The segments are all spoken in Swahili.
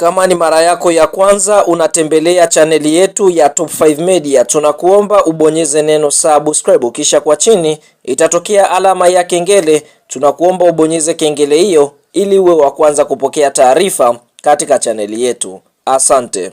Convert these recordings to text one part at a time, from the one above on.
Kama ni mara yako ya kwanza unatembelea chaneli yetu ya Top 5 Media, tunakuomba ubonyeze neno subscribe, kisha kwa chini itatokea alama ya kengele. Tunakuomba ubonyeze kengele hiyo ili uwe wa kwanza kupokea taarifa katika chaneli yetu. Asante.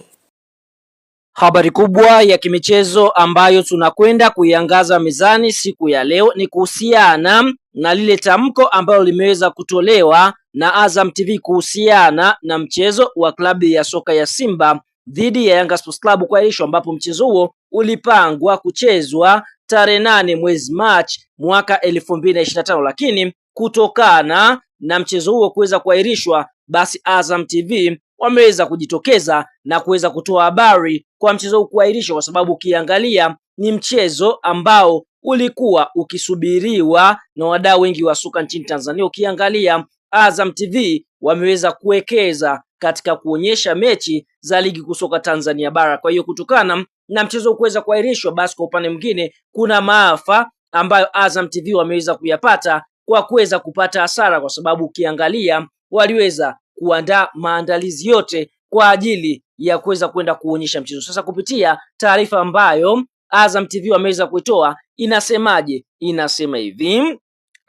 Habari kubwa ya kimichezo ambayo tunakwenda kuiangaza mezani siku ya leo ni kuhusiana na lile tamko ambalo limeweza kutolewa na Azam TV kuhusiana na mchezo wa klabu ya soka ya Simba dhidi ya Yanga Sports Club kuahirishwa, ambapo mchezo huo ulipangwa kuchezwa tarehe nane mwezi Machi mwaka 2025 lakini kutokana na mchezo huo kuweza kuahirishwa, basi Azam TV wameweza kujitokeza na kuweza kutoa habari kwa mchezo kuahirishwa, kwa sababu ukiangalia ni mchezo ambao ulikuwa ukisubiriwa na wadau wengi wa soka nchini Tanzania. Ukiangalia Azam TV wameweza kuwekeza katika kuonyesha mechi za ligi kusoka Tanzania bara. Kwa hiyo kutokana na mchezo kuweza kuahirishwa, basi kwa upande mwingine kuna maafa ambayo Azam TV wameweza kuyapata kwa kuweza kupata hasara, kwa sababu ukiangalia waliweza kuandaa maandalizi yote kwa ajili ya kuweza kwenda kuonyesha mchezo. Sasa kupitia taarifa ambayo Azam TV wameweza kuitoa inasemaje? Inasema hivi: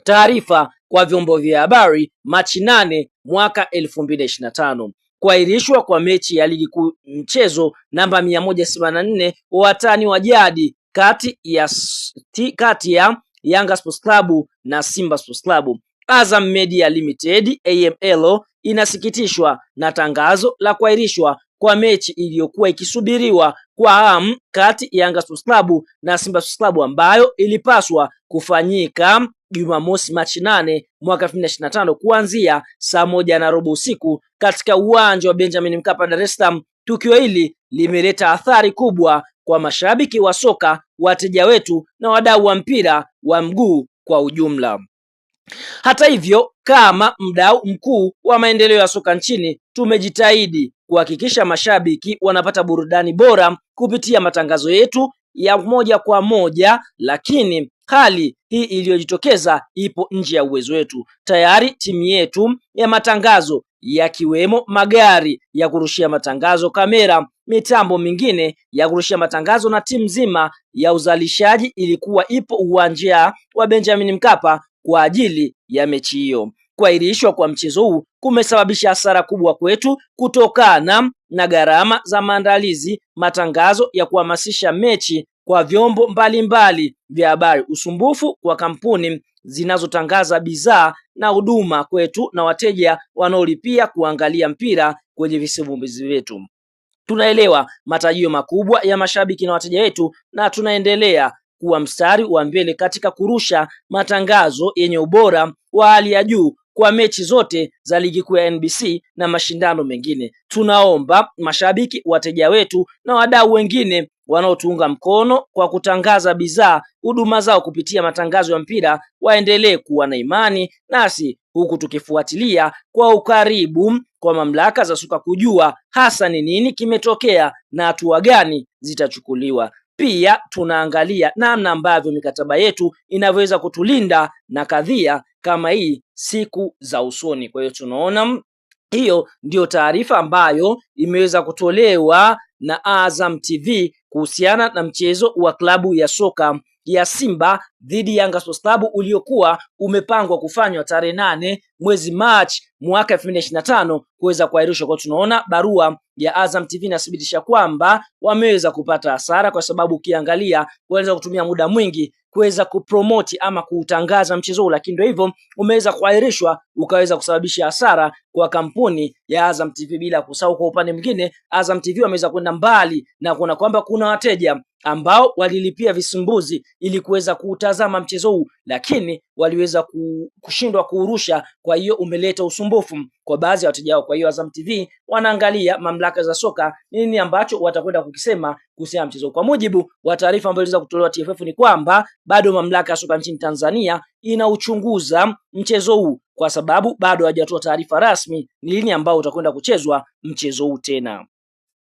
taarifa kwa vyombo vya habari, Machi nane mwaka 2025 kuahirishwa kwa mechi ya ligi kuu mchezo namba mia wa watani wa jadi kati ya, kati ya Yanga Sports Club na Simba Sports Club. Azam Media Limited AML inasikitishwa na tangazo la kuahirishwa kwa mechi iliyokuwa ikisubiriwa kwa hamu kati ya Yanga Sports Club na Simba Sports Club ambayo ilipaswa kufanyika Jumamosi Machi nane mwaka 2025 kuanzia saa moja na robo usiku katika uwanja wa Benjamin Mkapa, Dar es Salaam. Tukio hili limeleta athari kubwa kwa mashabiki wa soka, wateja wetu na wadau wa mpira wa mguu kwa ujumla. Hata hivyo, kama mdau mkuu wa maendeleo ya soka nchini tumejitahidi kuhakikisha mashabiki wanapata burudani bora kupitia matangazo yetu ya moja kwa moja, lakini hali hii iliyojitokeza ipo nje ya uwezo wetu. Tayari timu yetu ya matangazo yakiwemo magari ya kurushia matangazo, kamera, mitambo mingine ya kurushia matangazo na timu nzima ya uzalishaji ilikuwa ipo uwanja wa Benjamin Mkapa kwa ajili ya mechi hiyo. Kuahirishwa kwa mchezo huu kumesababisha hasara kubwa kwetu kutokana na gharama za maandalizi, matangazo ya kuhamasisha mechi kwa vyombo mbalimbali vya habari, usumbufu kwa kampuni zinazotangaza bidhaa na huduma kwetu, na wateja wanaolipia kuangalia mpira kwenye visimulizi vyetu. Tunaelewa matarajio makubwa ya mashabiki na wateja wetu, na tunaendelea kuwa mstari wa mbele katika kurusha matangazo yenye ubora wa hali ya juu kwa mechi zote za ligi kuu ya NBC na mashindano mengine. Tunaomba mashabiki, wateja wetu na wadau wengine wanaotuunga mkono kwa kutangaza bidhaa, huduma zao kupitia matangazo ya mpira waendelee kuwa na imani nasi huku tukifuatilia kwa ukaribu kwa mamlaka za soka kujua hasa ni nini kimetokea na hatua gani zitachukuliwa. Pia tunaangalia namna ambavyo mikataba yetu inavyoweza kutulinda na kadhia kama hii siku za usoni. Kwa hiyo tunaona hiyo ndiyo taarifa ambayo imeweza kutolewa na Azam TV kuhusiana na mchezo wa klabu ya soka ya Simba dhidi ya Yanga Sports Club uliokuwa umepangwa kufanywa tarehe nane mwezi Machi mwaka 2025 kuweza kuahirishwa, kwa tunaona barua ya Azam TV inathibitisha kwamba wameweza kupata hasara, kwa sababu ukiangalia waliweza kutumia muda mwingi kuweza kupromoti ama kuutangaza mchezo huu, lakini ndio hivyo umeweza kuahirishwa, ukaweza kusababisha hasara kwa kampuni ya Azam TV. Bila kusahau, kwa upande mwingine, Azam TV wameweza kwenda mbali na kuona kwamba kuna wateja ambao walilipia visumbuzi ili kuweza kuutazama mchezo huu, lakini waliweza kushindwa kuurusha. Kwa hiyo umeleta usumbufu kwa baadhi ya wateja wao. Kwa hiyo Azam TV wanaangalia mamlaka za soka nini ambacho watakwenda kukisema kuhusiana na mchezo huu. Kwa mujibu wa taarifa ambayo iliweza kutolewa TFF ni kwamba bado mamlaka ya soka nchini Tanzania inauchunguza mchezo huu, kwa sababu bado hawajatoa taarifa rasmi ni lini ambao utakwenda kuchezwa mchezo huu tena.